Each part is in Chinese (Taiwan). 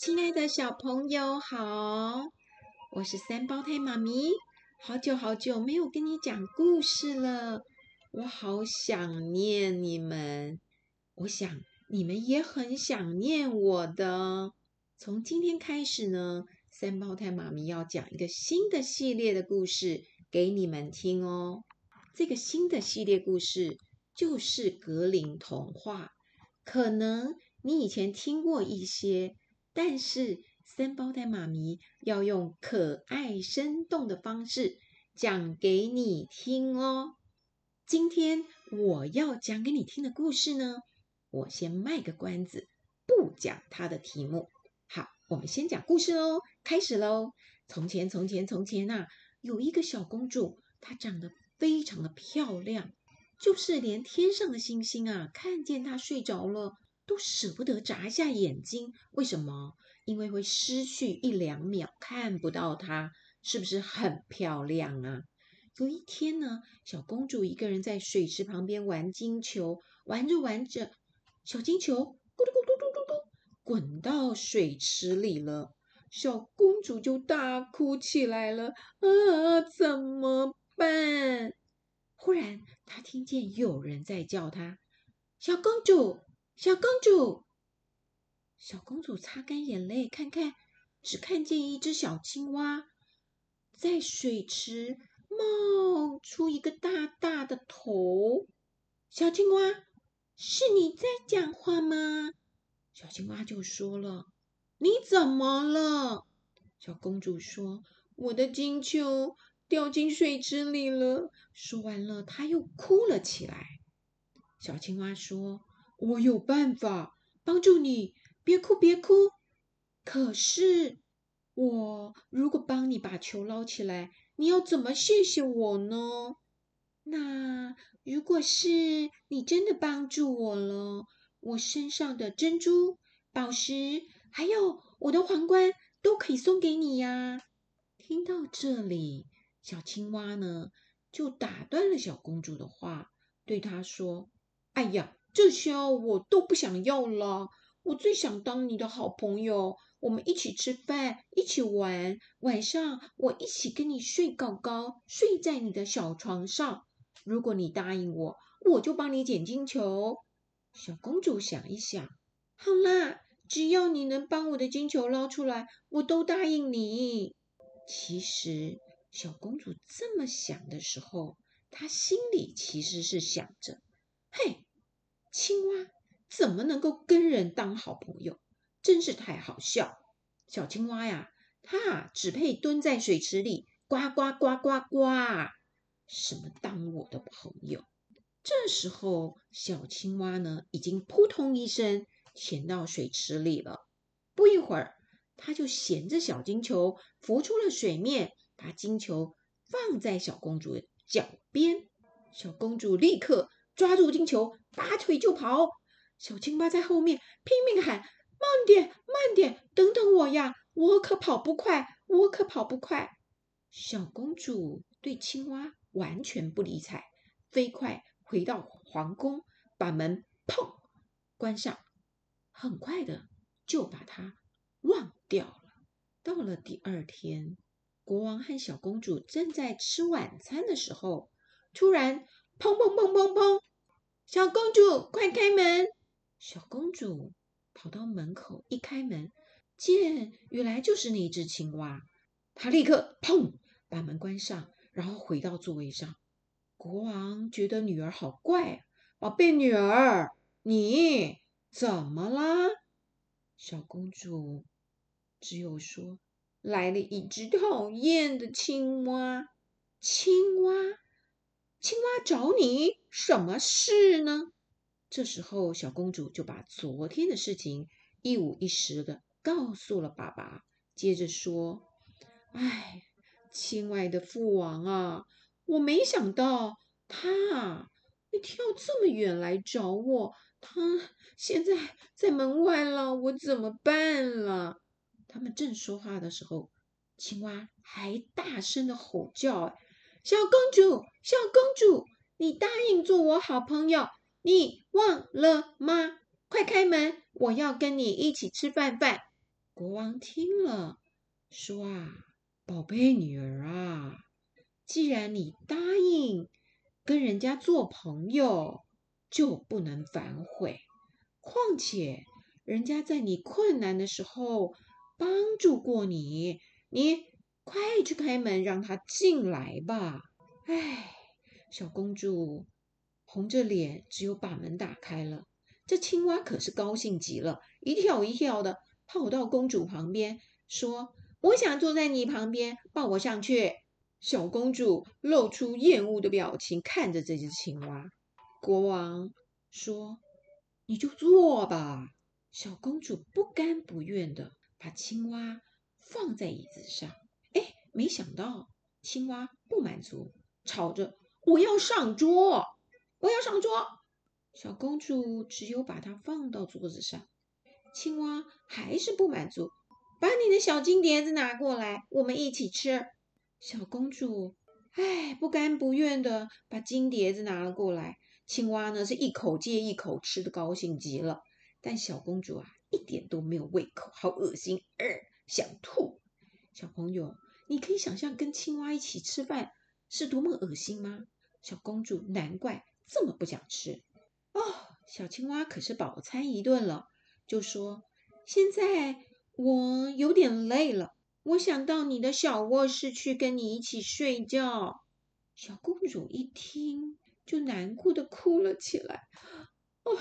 親愛的小朋友，好！我是三胞胎媽咪，好久好久沒有跟你講故事了，我好想念你們。我想你們也很想念我的。從今天開始呢，三胞胎媽咪要講一個新的系列的故事給你們聽哦。這個新的系列故事就是格林童話，可能你以前聽過一些，但是三胞胎媽咪要用可愛生動的方式講給你聽哦。今天我要講給你聽的故事呢，我先賣個關子，不講它的題目。好，我們先講故事嘍，開始嘍。從前，從前，從前啊，有一個小公主，她長得非常的漂亮，就是連天上的星星啊，看見她睡着了。都捨不得眨一下眼睛，為什麼？因為會失去一兩秒，看不到它，是不是很漂亮啊？有一天呢，小公主一個人在水池旁邊玩金球，玩着玩着小金球咕嘟咕嘟嘟嘟嘟滾到水池裡了，小公主就大哭起來了。啊，怎麼辦？忽然，她聽見有人在叫她，小公主。小公主，小公主擦乾眼淚，看看，只看見一只小青蛙，在水池冒出一個大大的頭。小青蛙，是你在講話嗎？小青蛙就說了：“你怎麼了？”小公主說：“我的金球掉進水池裡了。”說完了，她又哭了起來。小青蛙說。我有辦法幫助你，別哭，別哭。可是，我如果幫你把球撈起來，你要怎麼謝謝我呢？那如果是你真的幫助我了，我身上的珍珠、寶石，還有我的皇冠，都可以送給你呀。聽到這裡，小青蛙呢就打斷了小公主的話，對她說：“哎呀！”這些我都不想要了，我最想當你的好朋友，我們一起吃飯，一起玩，晚上我一起跟你睡高高，睡在你的小床上。如果你答應我，我就幫你撿金球。小公主想一想，好啦，只要你能幫我的金球撈出來，我都答應你。其實，小公主這麼想的時候，她心裡其實是想着，嘿。青蛙怎麼能夠跟人當好朋友？真是太好笑！小青蛙呀，它只配蹲在水池裡，呱呱呱呱呱呱！什麼當我的朋友？這時候，小青蛙呢，已經撲通一聲潛到水池裡了。不一會兒，它就銜着小金球浮出了水面，把金球放在小公主的腳邊。小公主立刻。抓住金球，拔腿就跑。小青蛙在後面拼命喊：“慢點，慢點，等等我呀！我可跑不快，我可跑不快。”小公主對青蛙完全不理睬，飛快回到皇宮，把門砰關上，很快的就把它忘掉了。到了第二天，國王和小公主正在吃晚餐的時候，突然砰砰砰砰砰。小公主，快開門！小公主跑到門口，一開門，見原來就是那只青蛙，她立刻砰把門關上，然後回到座位上。國王覺得女兒好怪啊，寶貝女兒，你怎麼啦？小公主只有說：“來了一只討厭的青蛙。”青蛙？青蛙找你什麼事呢？這時候，小公主就把昨天的事情一五一十的告訴了爸爸，接着說：“哎，親愛的父王啊，我沒想到他，你跳這麼遠來找我，他現在在門外了，我怎麼辦了？”他們正說話的時候，青蛙還大聲的吼叫。小公主，小公主，你答應做我好朋友，你忘了嗎？快開門，我要跟你一起吃飯飯。國王聽了，說啊，寶貝女兒啊，既然你答應跟人家做朋友，就不能反悔。況且人家在你困難的時候幫助過你，你。快去開門，讓他進來吧！哎，小公主紅着臉，只有把門打開了。這青蛙可是高興極了，一跳一跳的跑到公主旁邊，說：“我想坐在你旁邊，抱我上去。”小公主露出厭惡的表情，看着這隻青蛙。國王說：“你就坐吧。”小公主不甘不願的把青蛙放在椅子上。沒想到青蛙不滿足，吵着，我要上桌，我要上桌。小公主只有把它放到桌子上，青蛙還是不滿足。把你的小金碟子拿過來，我們一起吃。小公主，哎，不甘不願地把金碟子拿了過來。青蛙呢，是一口接一口吃得，高興極了。但小公主啊，一點都沒有胃口，好噁心，呃，想吐。小朋友。你可以想象跟青蛙一起吃飯是多麼噁心嗎？小公主難怪這麼不想吃。哦，小青蛙可是飽餐一頓了，就說：“現在我有點累了，我想到你的小臥室去跟你一起睡覺。”小公主一聽就難過地哭了起來。哦，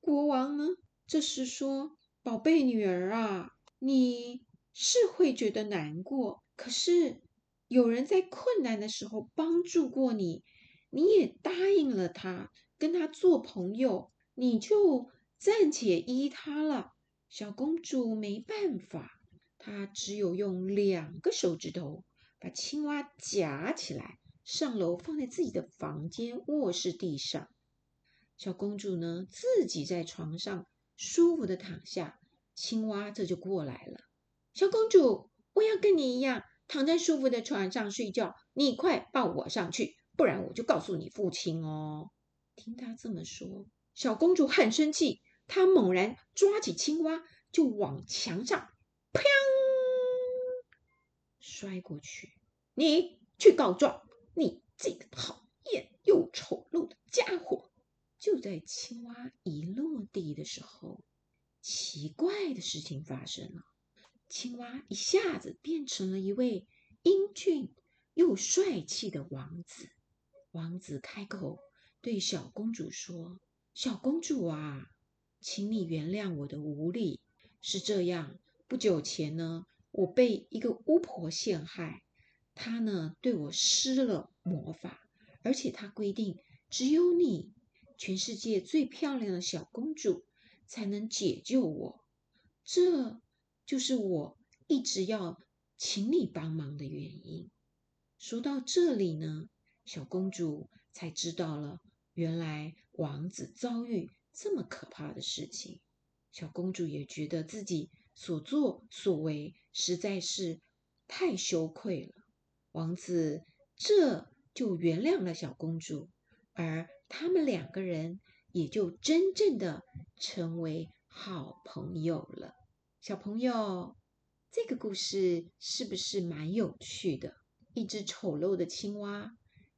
國王呢？這是說，寶貝女兒啊，你。是會覺得難過，可是有人在困難的時候幫助過你，你也答應了他，跟他做朋友，你就暫且依他了。小公主沒辦法，她只有用兩個手指頭把青蛙夾起來，上樓放在自己的房間臥室地上。小公主呢，自己在床上舒服的躺下，青蛙這就過來了。小公主，我要跟你一樣躺在舒服的床上睡覺。你快抱我上去，不然我就告訴你父親哦。聽他這麼說，小公主很生氣，她猛然抓起青蛙就往牆上砰摔過去。你去告狀！你這個討厭又醜陋的家伙！就在青蛙一落地的時候，奇怪的事情發生了。青蛙一下子變成了一位英俊又帥氣的王子。王子開口對小公主說：“小公主啊，請你原諒我的無禮。是這樣，不久前呢，我被一個巫婆陷害，她呢對我施了魔法，而且她規定，只有你，全世界最漂亮的小公主，才能解救我。這”就是我一直要請你幫忙的原因。說到這裡呢，小公主才知道了，原來王子遭遇這麼可怕的事情。小公主也覺得自己所作所為實在是太羞愧了。王子這就原諒了小公主，而他們兩個人也就真正的成為好朋友了。小朋友，這個故事是不是蠻有趣的？一隻醜陋的青蛙，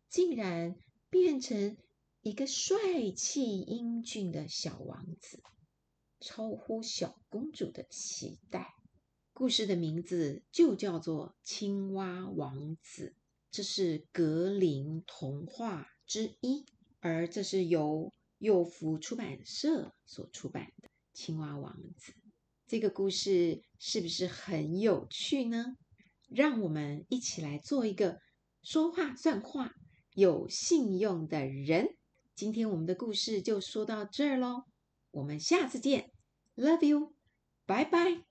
竟然變成一個帥氣英俊的小王子，超乎小公主的期待。故事的名字就叫做《青蛙王子》，這是格林童話之一，而這是由幼福出版社所出版的《青蛙王子》。這個故事是不是很有趣呢？讓我們一起來做一個說話算話、有信用的人。今天我們的故事就說到這兒嘍，我們下次見，Love you，拜拜。